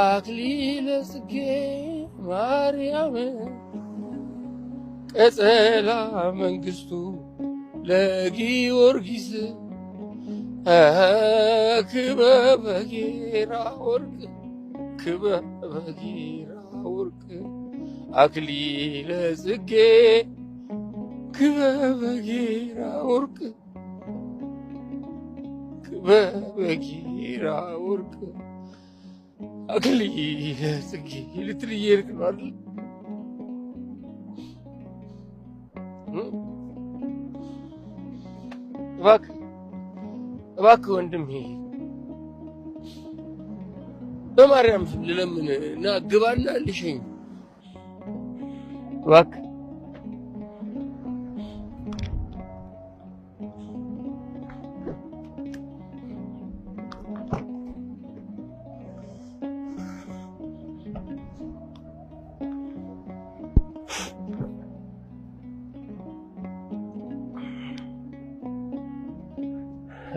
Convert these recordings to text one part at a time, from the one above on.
አክሊለ ጽጌ ማርያም ቀጸላ መንግስቱ ለጊዮርጊስ ክበበጌራ ወርቅ ክበበጌራ ወርቅ አክሊለ ጽጌ ክበበጌራ ወርቅ ክበበጌራ ወርቅ አክልዬ ጽጌ ልትልዬ ልክ ነው አይደል? እባክህ እባክህ ወንድሜ በማርያም ልለምን እና ግባና ልሸኝ እባክህ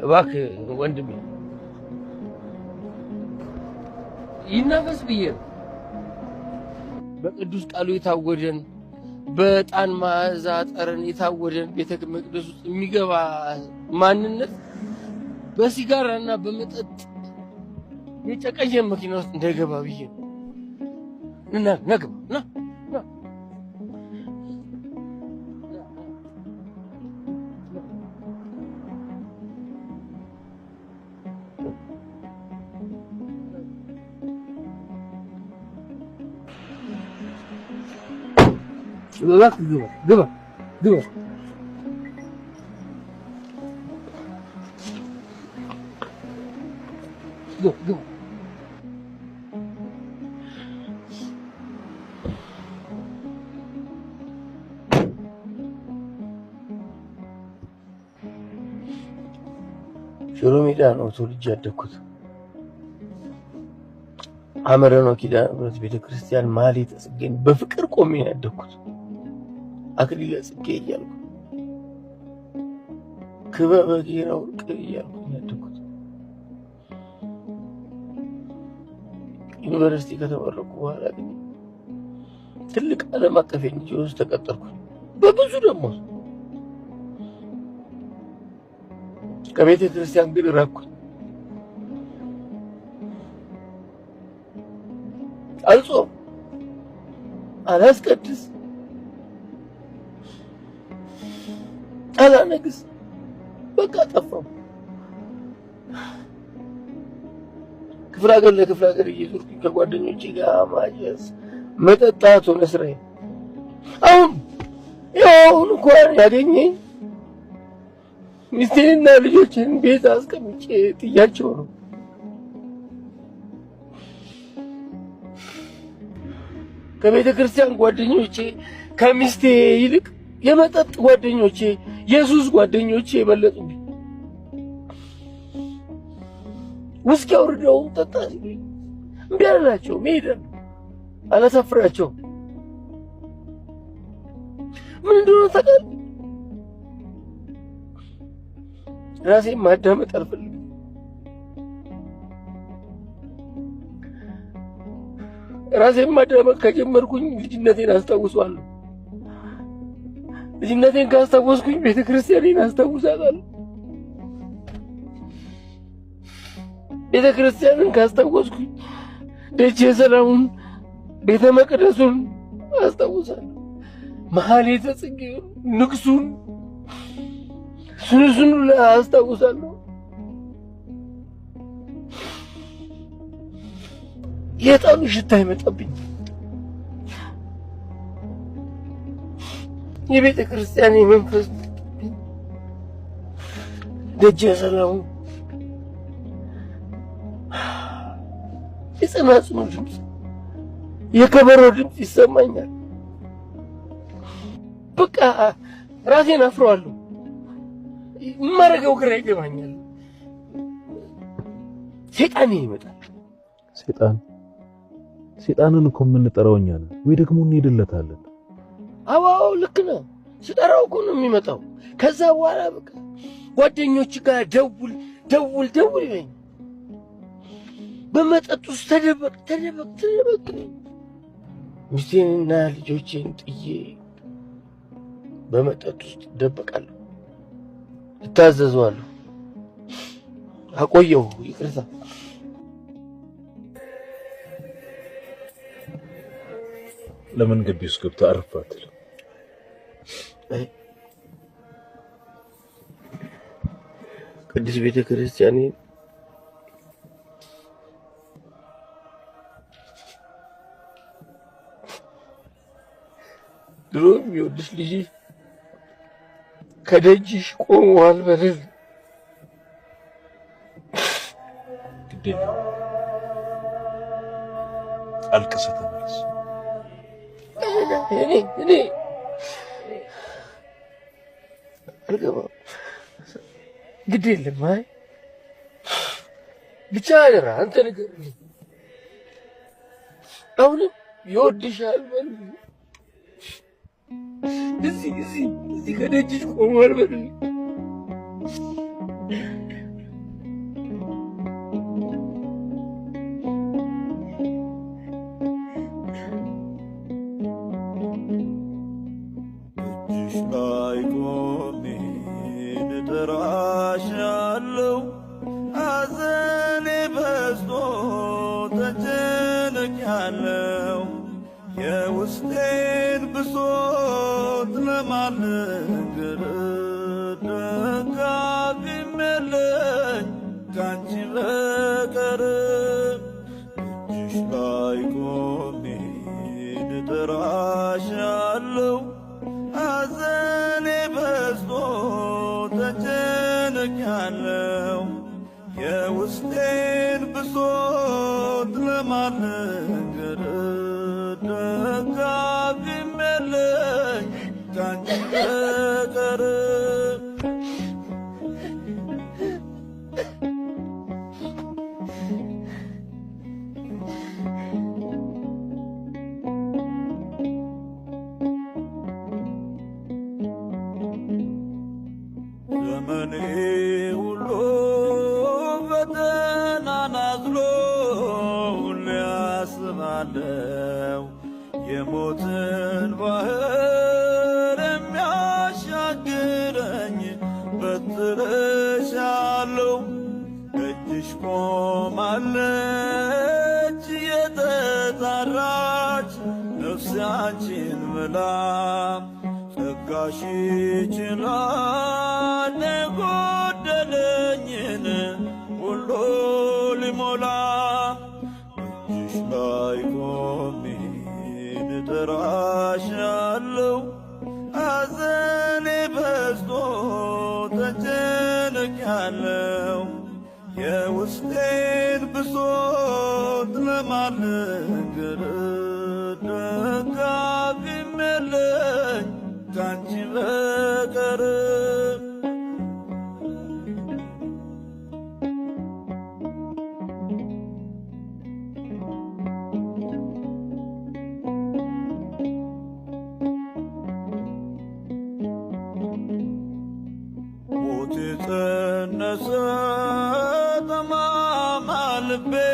እባክህ ወንድሜ ይናፈስ ብዬ በቅዱስ ቃሉ የታወደን በዕጣን መዓዛ ጠረን የታወደን ቤተ መቅደስ ውስጥ የሚገባ ማንነት በሲጋራና በመጠጥ የጨቀየን መኪና ውስጥ እንዳይገባ ብዬ ነግባ ና Bak dur bak. Dur bak. Dur bak. Dur dur. Shuru kut? otoo ijjaaddakkutu. አመረኖ ኪዳነ ምሕረት ቤተ ክርስቲያን ማህሌት ጽጌን በፍቅር ቆሜ ያደግኩት አክሊለ ጽጌ እያልኩ ክበበ ጌራ ወርቅ እያልኩ ያደኩት ዩኒቨርሲቲ ከተመረኩ በኋላ ግን ትልቅ ዓለም አቀፍ ኤንጂኦ ውስጥ ተቀጠርኩ። በብዙ ደግሞ ከቤተ ክርስቲያን ግን ራኩኝ። አልጾም፣ አላስቀድስ ሳላነግስ በቃ ጠፋው ክፍለ ሀገር ለክፍለ ሀገር እየዞርኩ ከጓደኞቼ ጋር ማጨስ፣ መጠጣት ሆነ ስራዬ። አሁን ያው እንኳን ያገኘኝ ሚስቴንና ልጆችን ቤት አስቀምጬ ጥያቸው ነው። ከቤተ ክርስቲያን ጓደኞቼ ከሚስቴ ይልቅ የመጠጥ ጓደኞቼ የሱስ ጓደኞቼ የበለጡብኝ። ውስኪ አውርደውም ጠጣ ሲሉኝ እምቢ አላቸው። መሄደን አላሳፍራቸው። ምን እንደሆነ ታውቃለህ? ራሴ ማዳመጥ አልፈልግም። ራሴን ማዳመጥ ከጀመርኩኝ ልጅነቴን አስታውሷለሁ። ልጅነቴን ካስታወስኩኝ ቤተ ክርስቲያኔን አስታውሳታለሁ። ቤተ ክርስቲያንን ካስታወስኩኝ ደጀ ሰላሙን፣ ቤተ መቅደሱን አስታውሳለሁ። መሐሌተ ጽጌውን፣ ንግሱን፣ ስንሱን አስታውሳለሁ። የጣኑ ሽታ አይመጣብኝ የቤተ ክርስቲያን የመንፈስ ደጀ ሰላሙ የጸናጽኑ ድምፅ የከበሮ ድምፅ ይሰማኛል። በቃ ራሴን አፍረዋለሁ። የማደርገው ግራ ይገባኛል። ሴጣን ይመጣል። ሰይጣን ሴጣንን እኮ የምንጠራው እኛ ነን ወይ ደግሞ እንሄድለታለን። አዎ ልክ ነህ። ስጠራው እኮ ነው የሚመጣው። ከዛ በኋላ በቃ ጓደኞች ጋር ደውል ደውል ደውል ይለኝ። በመጠጥ ውስጥ ተደበቅ ተደበቅ ተደበቅ። ሚስቴንና ልጆቼን ጥዬ በመጠጥ ውስጥ እደበቃለሁ፣ እታዘዘዋለሁ። አቆየው ይቅርታ ለምን ግቢ ውስጥ ገብተህ አረፍ አትልም? ቅዱስ ቤተ ክርስቲያን ድሮ የሚወድሽ ልጅ ከደጅሽ ቆመዋል። በልል ግዴ አልቅሰ ተመለስ እኔ አልገባም። ግድ የለም። አይ ብቻ አደራ አንተ ነገር አሁንም ይወድሻል በል እዚህ እዚህ እዚህ ከደጅሽ ቆሟል በል ሞት ለማልገር ደጋግሜ ካንቺ በቀር አለው የሞትን ባህር የሚያሻግረኝ በትርሻለው እጅሽ ቆማለች እየተጣራች ነፍሴ አንቺን ምላ ጸጋሽ ይችላል የጎደለኝን ሁሉ ሊሞላ ላይ ቆሜ እጠራሻለሁ ሐዘኔ በዝቶ ተጨንቄያለሁ የውስጤን ብሶት ለማን ልንገር bed.